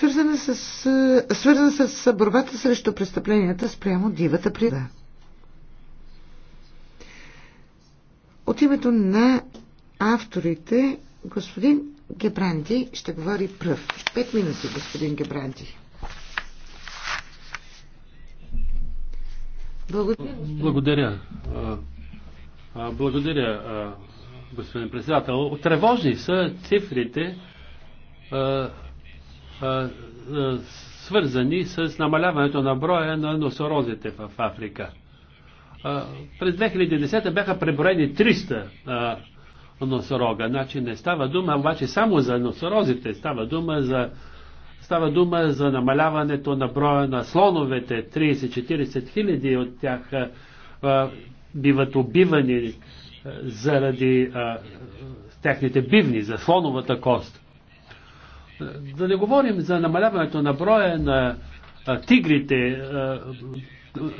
свързана с, свързана с борбата срещу престъпленията спрямо дивата природа. От името на авторите, господин Гебранди ще говори пръв. Пет минути, господин Гебранди. Благодаря. Благодаря. Благодаря, господин председател. Тревожни са цифрите свързани с намаляването на броя на носорозите в Африка. През 2010 бяха преброени 300 носорога. Значи не става дума обаче само за носорозите, става дума за, става дума за намаляването на броя на слоновете. 30-40 хиляди от тях а, биват убивани заради а, техните бивни, за слоновата кост. Да не говорим за намаляването на броя на тигрите,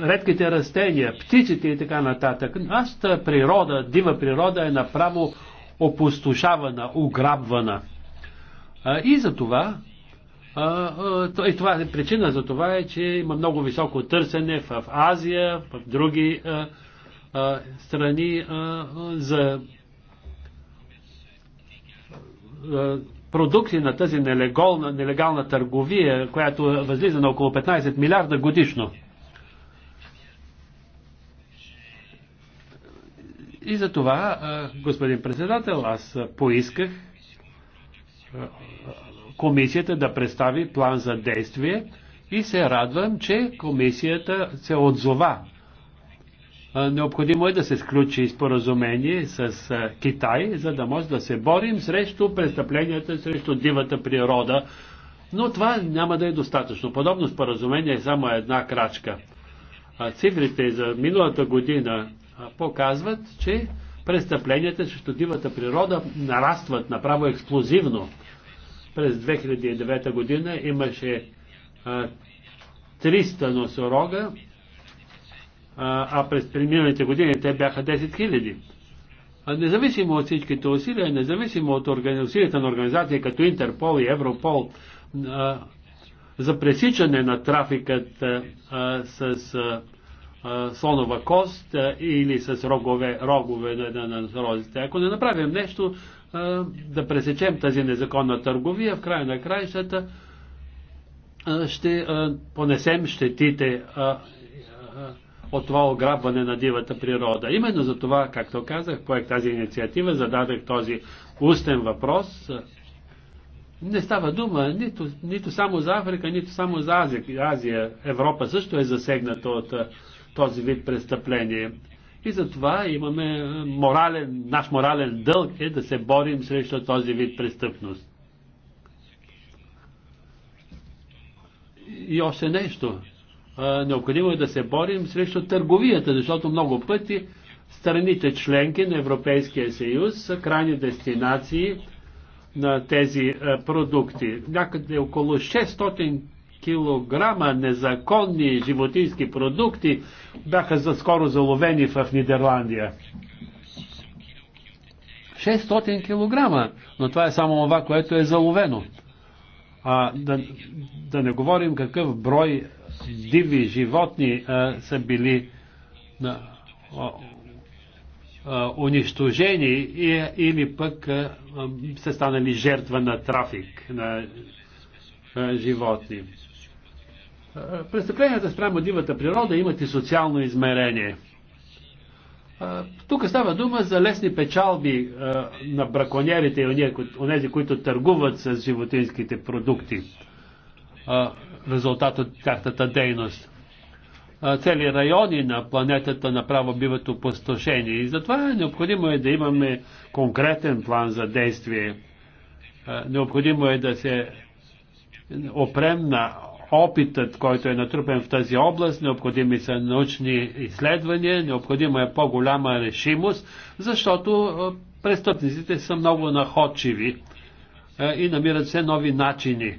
редките растения, птиците и така нататък. Нашата природа, дива природа е направо опустошавана, ограбвана. И за това, и това е причина за това е, че има много високо търсене в Азия, в други страни за продукти на тази нелегална, нелегална търговия, която възлиза на около 15 милиарда годишно. И за това, господин председател, аз поисках комисията да представи план за действие и се радвам, че комисията се отзова Необходимо е да се сключи споразумение с Китай, за да може да се борим срещу престъпленията, срещу дивата природа. Но това няма да е достатъчно. Подобно споразумение е само една крачка. Цифрите за миналата година показват, че престъпленията срещу дивата природа нарастват направо експлозивно. През 2009 година имаше 300 носорога, а през миналите години те бяха 10 хиляди. Независимо от всичките усилия, независимо от усилията на организации като Интерпол и Европол за пресичане на трафикът с слонова кост или с рогове, рогове на, на, розите. Ако не направим нещо да пресечем тази незаконна търговия, в края на краищата ще понесем щетите от това ограбване на дивата природа. Именно за това, както казах, поех тази инициатива, зададах този устен въпрос. Не става дума нито, нито само за Африка, нито само за Азия. Азия. Европа също е засегната от този вид престъпление. И затова имаме морален, наш морален дълг е да се борим срещу този вид престъпност. И още нещо необходимо е да се борим срещу търговията, защото много пъти страните членки на Европейския съюз са крайни дестинации на тези продукти. Някъде около 600 килограма незаконни животински продукти бяха заскоро заловени в Нидерландия. 600 килограма, но това е само това, което е заловено. А да, да не говорим какъв брой диви животни а, са били а, а, унищожени и, или пък а, а, са станали жертва на трафик на а, животни. престъпленията спрямо дивата природа имат и социално измерение. тук става дума за лесни печалби а, на браконьерите и онези, които търгуват с животинските продукти резултат от тяхната дейност. Цели райони на планетата направо биват опустошени и затова е необходимо е да имаме конкретен план за действие. Необходимо е да се опрем на опитът, който е натрупен в тази област, необходими са научни изследвания, необходима е по-голяма решимост, защото престъпниците са много находчиви и намират все нови начини.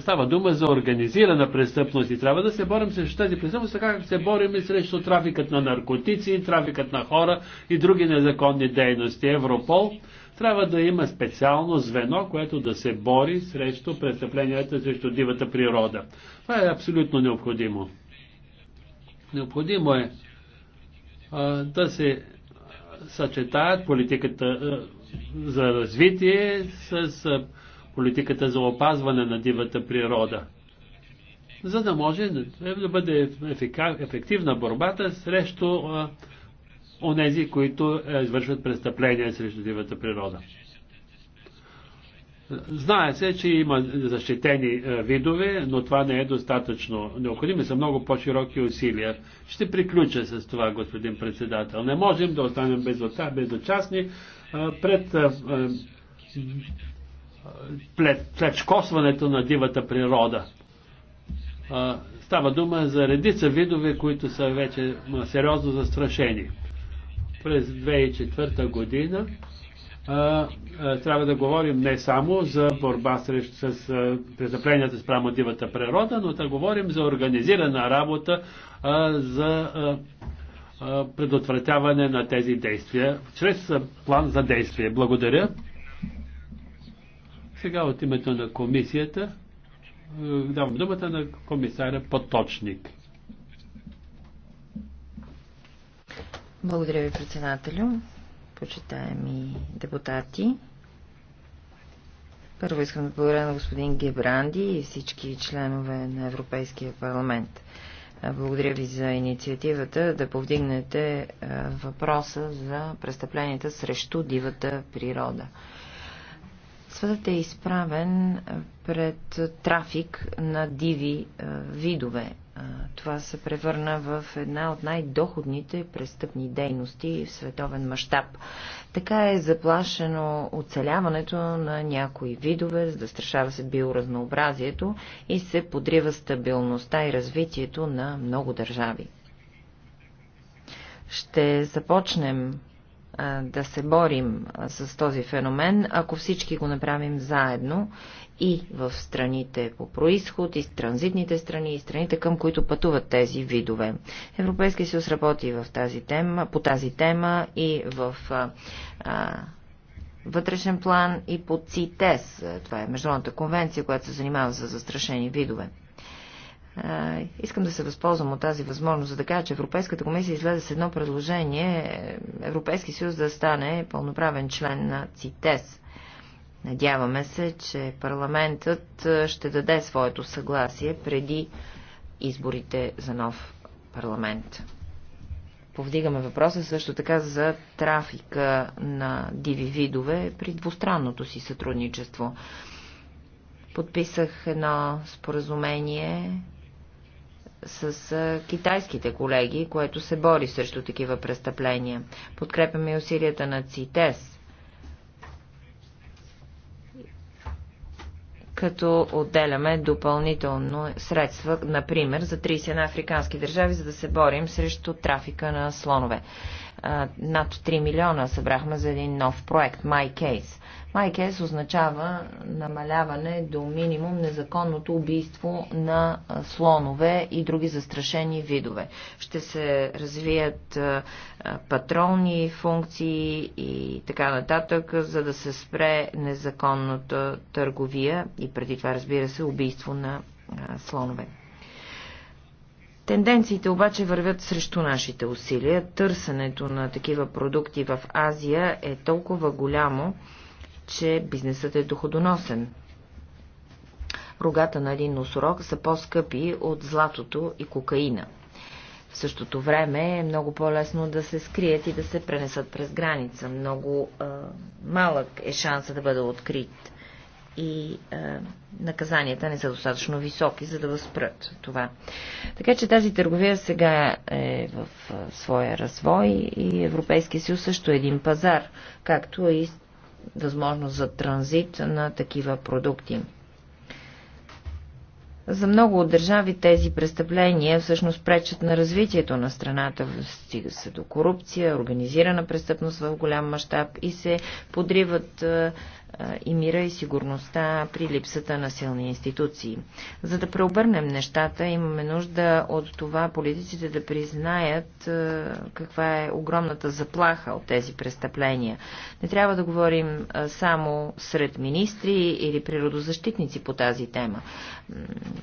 Става дума за организирана престъпност и трябва да се борим срещу тази престъпност, така както се борим и срещу трафикът на наркотици, трафикът на хора и други незаконни дейности. Европол трябва да има специално звено, което да се бори срещу престъпленията срещу дивата природа. Това е абсолютно необходимо. Необходимо е а, да се съчетаят политиката а, за развитие с. А, политиката за опазване на дивата природа, за да може да бъде ефективна борбата срещу онези, които извършват престъпления срещу дивата природа. Знае се, че има защитени видове, но това не е достатъчно. Необходими са много по-широки усилия. Ще приключа с това, господин председател. Не можем да останем безочастни пред плечкосването на дивата природа. става дума за редица видове, които са вече сериозно застрашени. През 2004 година трябва да говорим не само за борба срещу, с престъпленията спрямо дивата природа, но да говорим за организирана работа за предотвратяване на тези действия чрез план за действие. Благодаря. Сега от името на комисията е, давам думата на комисаря Поточник. Благодаря ви, председателю, почитаеми депутати. Първо искам да благодаря на господин Гебранди и всички членове на Европейския парламент. Е, благодаря ви за инициативата да повдигнете е, въпроса за престъпленията срещу дивата природа. Светът е изправен пред трафик на диви е, видове. Е, това се превърна в една от най-доходните престъпни дейности в световен мащаб. Така е заплашено оцеляването на някои видове, застрашава се биоразнообразието и се подрива стабилността и развитието на много държави. Ще започнем да се борим с този феномен, ако всички го направим заедно и в страните по происход, и транзитните страни, и страните към които пътуват тези видове. Европейския съюз работи в тази тема, по тази тема и в а, а, вътрешен план и по ЦИТЕС. Това е Международната конвенция, която се занимава за застрашени видове. Искам да се възползвам от тази възможност, за да кажа, че Европейската комисия излезе с едно предложение Европейски съюз да стане пълноправен член на ЦИТЕС. Надяваме се, че парламентът ще даде своето съгласие преди изборите за нов парламент. Повдигаме въпроса също така за трафика на диви видове при двустранното си сътрудничество. Подписах едно споразумение с китайските колеги, което се бори срещу такива престъпления. Подкрепяме усилията на ЦИТЕС като отделяме допълнително средства, например, за 31 африкански държави, за да се борим срещу трафика на слонове. Над 3 милиона събрахме за един нов проект, MyCase. MyCase означава намаляване до минимум незаконното убийство на слонове и други застрашени видове. Ще се развият патролни функции и така нататък, за да се спре незаконната търговия и преди това, разбира се, убийство на а, слонове. Тенденциите обаче вървят срещу нашите усилия. Търсенето на такива продукти в Азия е толкова голямо, че бизнесът е доходоносен. Рогата на един носорог са по-скъпи от златото и кокаина. В същото време е много по-лесно да се скрият и да се пренесат през граница. Много а, малък е шанса да бъде открит и е, наказанията не са достатъчно високи, за да възпрат това. Така че тази търговия сега е в е, своя развой и Европейския съюз също е един пазар, както и възможност за транзит на такива продукти. За много от държави тези престъпления всъщност пречат на развитието на страната, стига се до корупция, организирана престъпност в голям мащаб и се подриват е, и мира и сигурността при липсата на силни институции. За да преобърнем нещата, имаме нужда от това политиците да признаят каква е огромната заплаха от тези престъпления. Не трябва да говорим само сред министри или природозащитници по тази тема.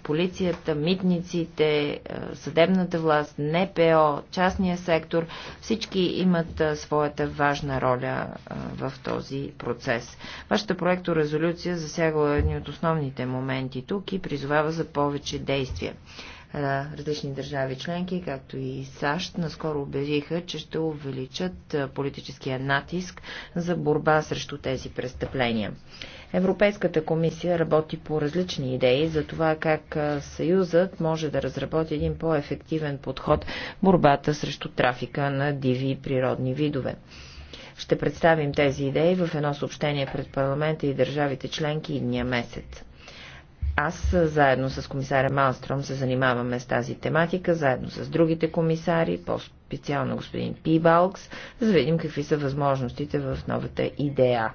Полицията, митниците, съдебната власт, НПО, частния сектор, всички имат своята важна роля в този процес. Вашата проекторезолюция засягала едни от основните моменти тук и призовава за повече действия. Различни държави членки, както и САЩ, наскоро обявиха, че ще увеличат политическия натиск за борба срещу тези престъпления. Европейската комисия работи по различни идеи за това как Съюзът може да разработи един по-ефективен подход в борбата срещу трафика на диви природни видове. Ще представим тези идеи в едно съобщение пред парламента и държавите членки идния месец. Аз заедно с комисаря Малстром се занимаваме с тази тематика, заедно с другите комисари, по-специално господин Пибалкс, за да видим какви са възможностите в новата идея.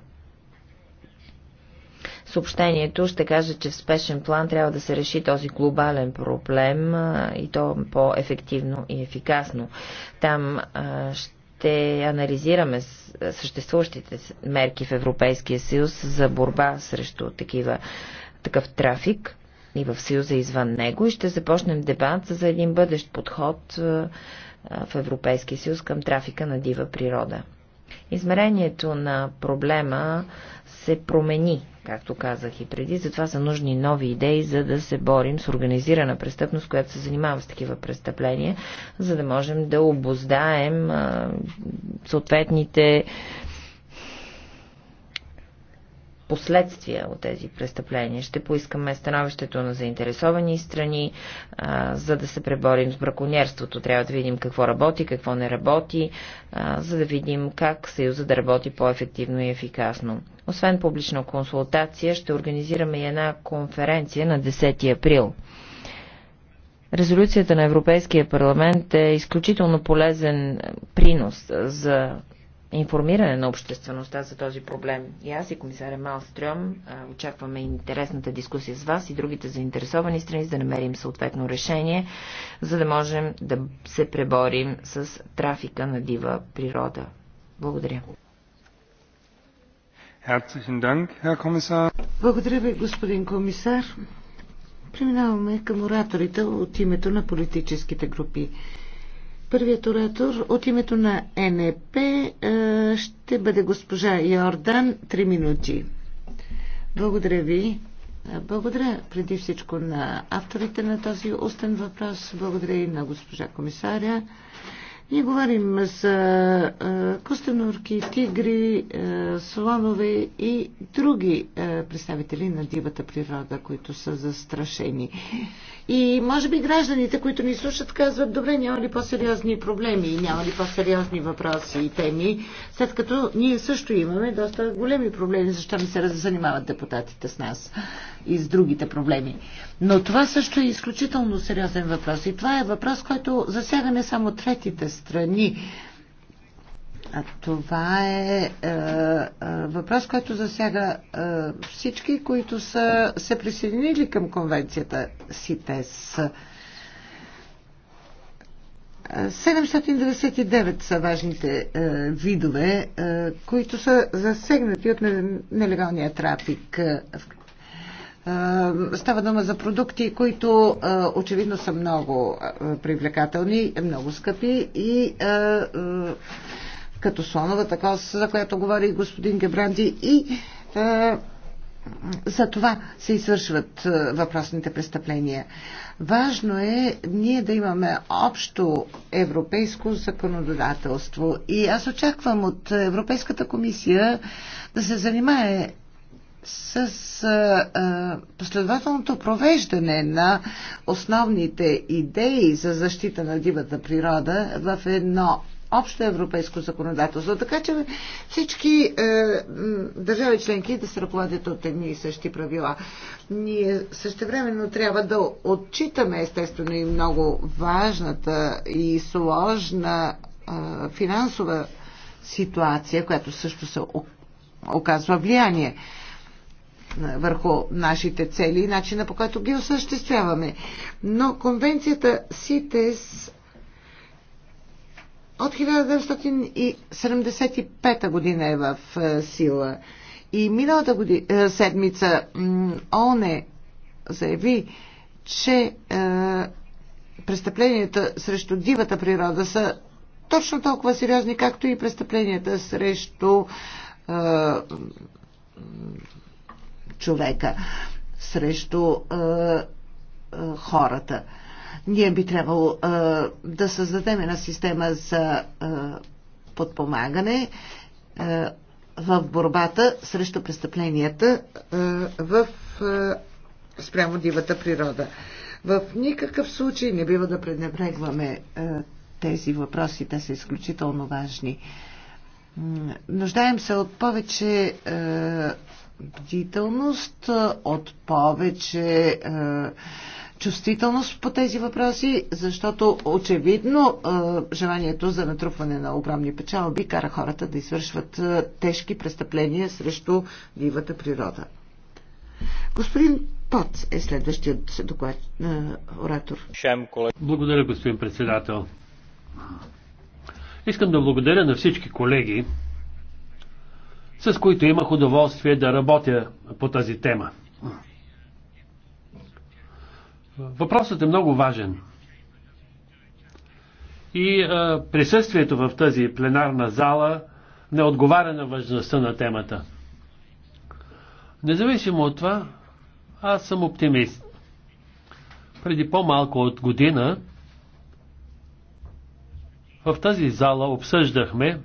Съобщението ще каже, че в спешен план трябва да се реши този глобален проблем и то по-ефективно и ефикасно. Там ще ще анализираме съществуващите мерки в Европейския съюз за борба срещу такива, такъв трафик и в съюза извън него и ще започнем дебат за един бъдещ подход в Европейския съюз към трафика на дива природа. Измерението на проблема се промени, както казах и преди. Затова са нужни нови идеи, за да се борим с организирана престъпност, която се занимава с такива престъпления, за да можем да обоздаем съответните последствия от тези престъпления. Ще поискаме становището на заинтересовани страни, а, за да се преборим с браконьерството. Трябва да видим какво работи, какво не работи, а, за да видим как Съюза да работи по-ефективно и ефикасно. Освен публична консултация, ще организираме и една конференция на 10 април. Резолюцията на Европейския парламент е изключително полезен принос за информиране на обществеността за този проблем. И аз и комисаря Малстрем очакваме интересната дискусия с вас и другите заинтересовани страни, за да намерим съответно решение, за да можем да се преборим с трафика на дива природа. Благодаря. Благодаря ви, господин комисар. Преминаваме към ораторите от името на политическите групи. Първият оратор от името на НЕП е, ще бъде госпожа Йордан. Три минути. Благодаря ви. Е, благодаря преди всичко на авторите на този устен въпрос. Благодаря и на госпожа комисаря. Ние говорим за е, костенурки, тигри, слонове и други представители на дивата природа, които са застрашени. И може би гражданите, които ни слушат, казват, добре, няма ли по-сериозни проблеми, няма ли по-сериозни въпроси и теми, след като ние също имаме доста големи проблеми, защо не се занимават депутатите с нас и с другите проблеми. Но това също е изключително сериозен въпрос и това е въпрос, който засяга не само третите страни, това е, е, е въпрос, който засяга е, всички, които са се присъединили към конвенцията СИТЕС. 799 са важните е, видове, е, които са засегнати от нелегалния трафик. Е, е, става дума за продукти, които е, очевидно са много привлекателни, много скъпи и е, е, като слоновата коса, за която говори господин Гебранди и е, за това се извършват е, въпросните престъпления. Важно е ние да имаме общо европейско законодателство и аз очаквам от Европейската комисия да се занимае с а, е, е, последователното провеждане на основните идеи за защита на дивата природа в едно общо европейско законодателство. Така че всички е, държави членки да се ръководят от едни и същи правила. Ние същевременно трябва да отчитаме естествено и много важната и сложна е, финансова ситуация, която също се оказва влияние върху нашите цели и начина по който ги осъществяваме. Но конвенцията СИТЕС от 1975 година е в е, сила. И миналата година, е, седмица ОНЕ заяви, че е, престъпленията срещу дивата природа са точно толкова сериозни, както и престъпленията срещу е, човека, срещу е, е, хората. Е, ние би трябвало да създадем една система за подпомагане в борбата срещу престъпленията в спрямо дивата природа. В никакъв случай не бива да пренебрегваме тези въпроси. Те са изключително важни. Нуждаем се от повече бдителност, от повече чувствителност по тези въпроси, защото очевидно желанието за натрупване на огромни печалби кара хората да извършват тежки престъпления срещу дивата природа. Господин Пот е следващият доклад, е, оратор. Благодаря, господин председател. Искам да благодаря на всички колеги, с които имах удоволствие да работя по тази тема. Въпросът е много важен. И а, присъствието в тази пленарна зала не отговаря на важността на темата. Независимо от това, аз съм оптимист. Преди по-малко от година в тази зала обсъждахме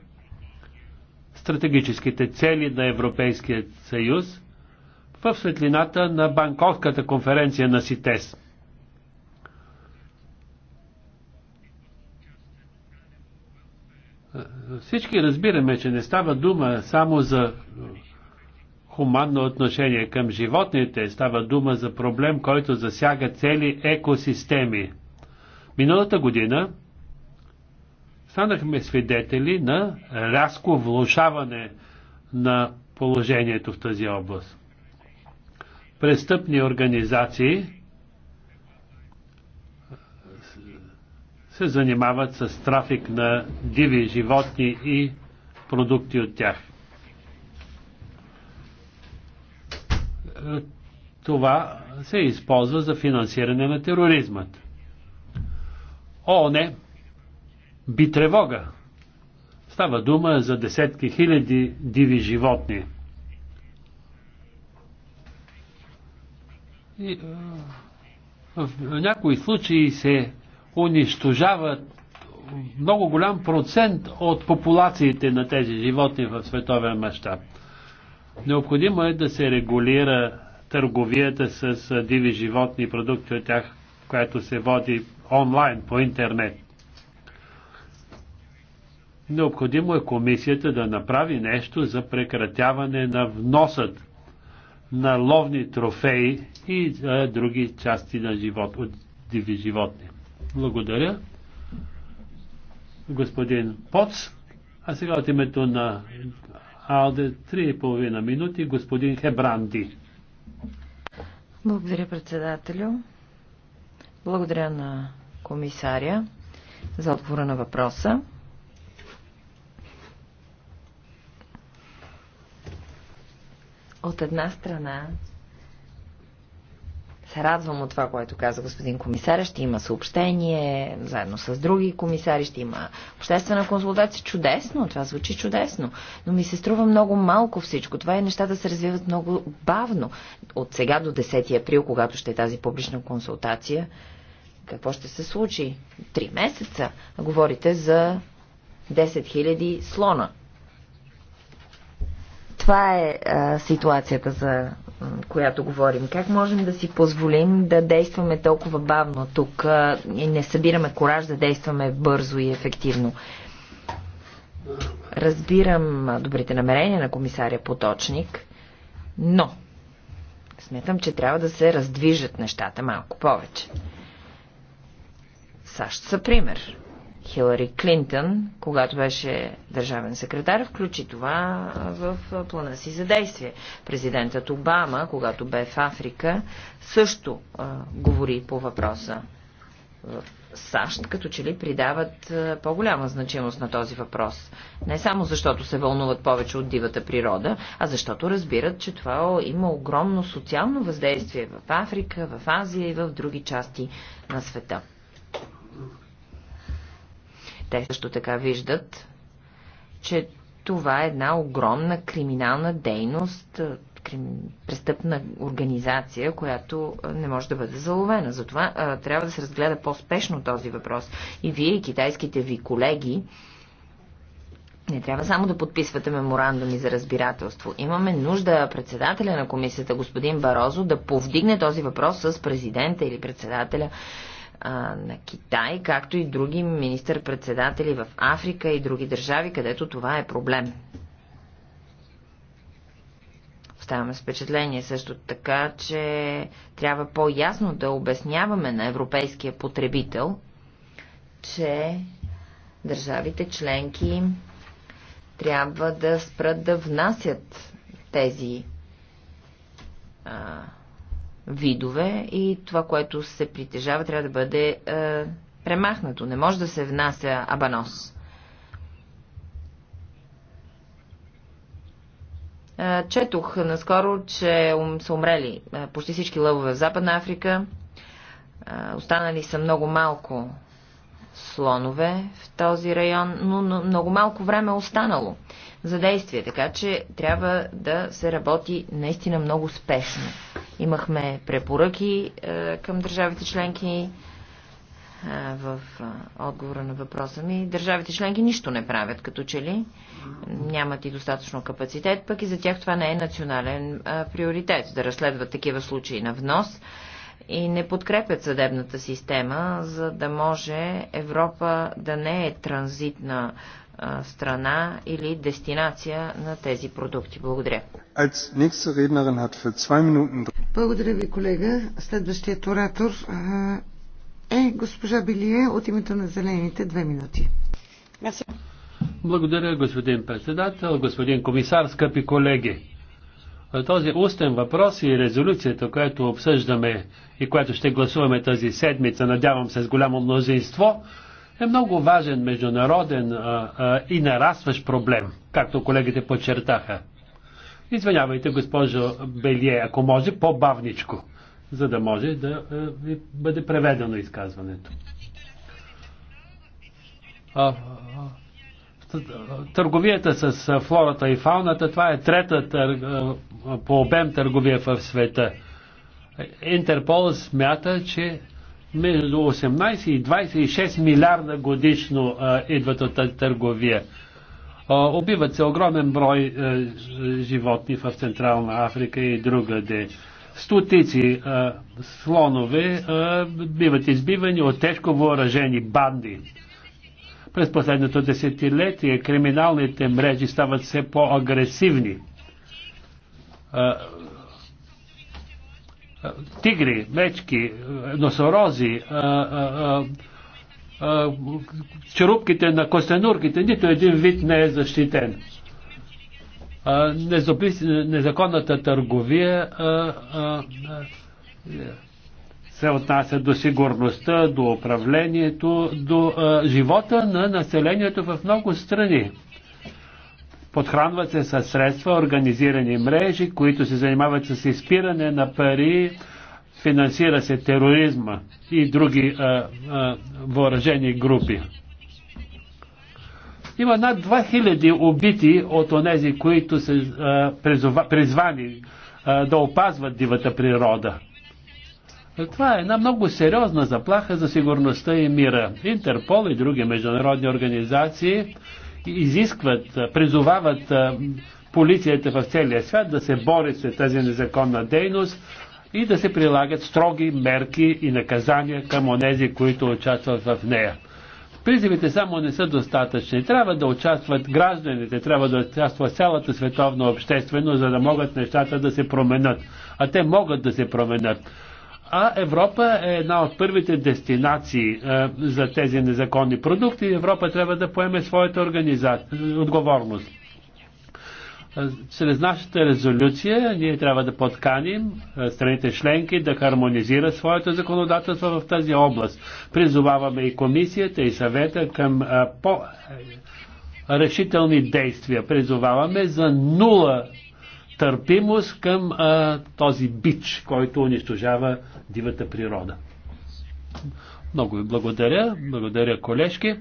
стратегическите цели на Европейския съюз в светлината на Банковската конференция на СИТЕС. Всички разбираме, че не става дума само за хуманно отношение към животните, става дума за проблем, който засяга цели екосистеми. Миналата година станахме свидетели на рязко влушаване на положението в тази област. Престъпни организации се занимават с трафик на диви животни и продукти от тях. Е, това се използва за финансиране на тероризмът. О, не! Би тревога! Става дума за десетки хиляди диви животни. И, е, в някои случаи се унищожават много голям процент от популациите на тези животни в световен мащаб. Необходимо е да се регулира търговията с диви животни и продукти от тях, която се води онлайн по интернет. Необходимо е комисията да направи нещо за прекратяване на вносът на ловни трофеи и а, други части на живот, от диви животни. Благодаря. Господин Поц. А сега от името на АЛДЕ 3,5 минути господин Хебранди. Благодаря, председателю. Благодаря на комисаря за отговора на въпроса. От една страна се радвам от това, което каза господин комисаря. Ще има съобщение, заедно с други комисари, ще има обществена консултация. Чудесно, това звучи чудесно. Но ми се струва много малко всичко. Това е нещата да се развиват много бавно. От сега до 10 април, когато ще е тази публична консултация, какво ще се случи? Три месеца. Говорите за 10 000 слона. Това е а, ситуацията за която говорим. Как можем да си позволим да действаме толкова бавно тук и не събираме кораж да действаме бързо и ефективно? Разбирам добрите намерения на комисаря Поточник, но смятам, че трябва да се раздвижат нещата малко повече. САЩ са пример. Хилари Клинтън, когато беше държавен секретар, включи това в плана си за действие. Президентът Обама, когато бе в Африка, също а, говори по въпроса в САЩ, като че ли придават по-голяма значимост на този въпрос. Не само защото се вълнуват повече от дивата природа, а защото разбират, че това има огромно социално въздействие в Африка, в Азия и в други части на света. Те също така виждат, че това е една огромна криминална дейност, е, престъпна организация, която е, не може да бъде заловена. Затова а, е, трябва да се разгледа по-спешно този въпрос. И вие, и китайските ви колеги, не трябва само да подписвате меморандуми за разбирателство. Имаме нужда председателя на комисията, господин Барозо, да повдигне този въпрос с президента или председателя на Китай, както и други министър-председатели в Африка и други държави, където това е проблем. Оставаме с впечатление също така, че трябва по-ясно да обясняваме на европейския потребител, че държавите членки трябва да спрат да внасят тези а, видове и това, което се притежава, трябва да бъде е, премахнато. Не може да се внася абанос. Е, четох наскоро, че са умрели е, почти всички лъвове в Западна Африка. Е, останали са много малко слонове в този район, но много малко време е останало за действие, така че трябва да се работи наистина много спешно. Имахме препоръки е, към държавите членки е, в е, отговора на въпроса ми. Държавите членки нищо не правят, като че ли нямат и достатъчно капацитет, пък и за тях това не е национален приоритет да разследват такива случаи на внос и не подкрепят съдебната система, за да може Европа да не е транзитна страна или дестинация на тези продукти. Благодаря. Благодаря ви, колега. Следващият оратор е госпожа Билие от името на Зелените. Две минути. Благодаря, господин председател, господин комисар, скъпи колеги. Този устен въпрос и резолюцията, която обсъждаме и която ще гласуваме тази седмица, надявам се с голямо мнозинство, е много важен международен а, а, и нарастващ проблем, както колегите подчертаха. Извинявайте, госпожо Белие, ако може, по-бавничко, за да може да а, бъде преведено изказването. А, търговията с флората и фауната, това е трета а, по обем търговия в света. Интерпол смята, че между 18 и 26 милиарда годишно идват от търговия. Обиват убиват се огромен брой животни в Централна Африка и другаде. Стотици слонове биват избивани от тежко въоръжени банди. През последното десетилетие криминалните мрежи стават все по-агресивни тигри, мечки, носорози, черупките на костенурките, нито един вид не е защитен. Незаконната търговия се отнася до сигурността, до управлението, до живота на населението в много страни. Подхранват се с средства, организирани мрежи, които се занимават с изпиране на пари, финансира се тероризма и други а, а, въоръжени групи. Има над 2000 убити от онези, които са призвани а, да опазват дивата природа. Това е една много сериозна заплаха за сигурността и мира. Интерпол и други международни организации изискват, призовават полицията в целия свят да се бори с тази незаконна дейност и да се прилагат строги мерки и наказания към онези, които участват в нея. Призивите само не са достатъчни. Трябва да участват гражданите, трябва да участва цялата световна общественост, за да могат нещата да се променят. А те могат да се променят. А Европа е една от първите дестинации а, е, за тези незаконни продукти и Европа трябва да поеме своята организа... отговорност. Е, чрез нашата резолюция ние трябва да подканим е, страните членки да хармонизират своето законодателство в тази област. Призоваваме и комисията, и съвета към по-решителни действия. Призоваваме за нула търпимост към а, този бич, който унищожава дивата природа. Много ви благодаря. Благодаря, колежки.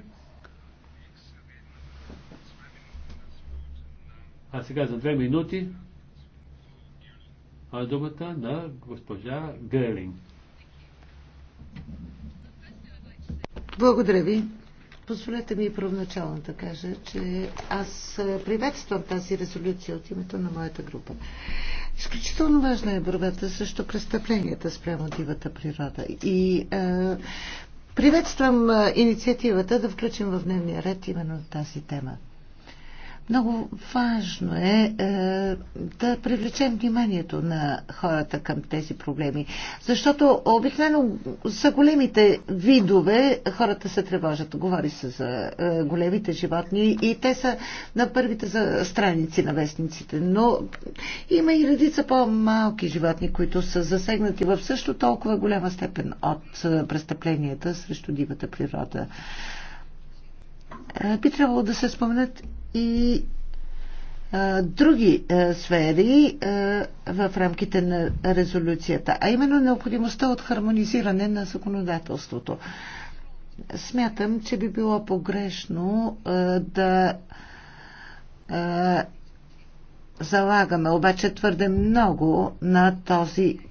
А сега за две минути а думата на госпожа Гърлинг. Благодаря ви. Позволете ми първоначално да кажа, че аз приветствам тази резолюция от името на моята група. Изключително важна е борбата срещу престъпленията спрямо дивата природа. И е, приветствам инициативата да включим в дневния ред именно тази тема. Много важно е, е е, да привлечем вниманието на хората към тези проблеми. Защото обикновено за големите видове хората се тревожат. Говори се за е, големите животни и те са на първите страници на вестниците. Но има и редица по-малки животни, които са засегнати в също толкова голяма степен от е, престъпленията срещу дивата природа. Би трябвало да се споменат и други сфери в рамките на резолюцията, а именно необходимостта от хармонизиране на законодателството. Смятам, че би било погрешно да залагаме обаче твърде много на този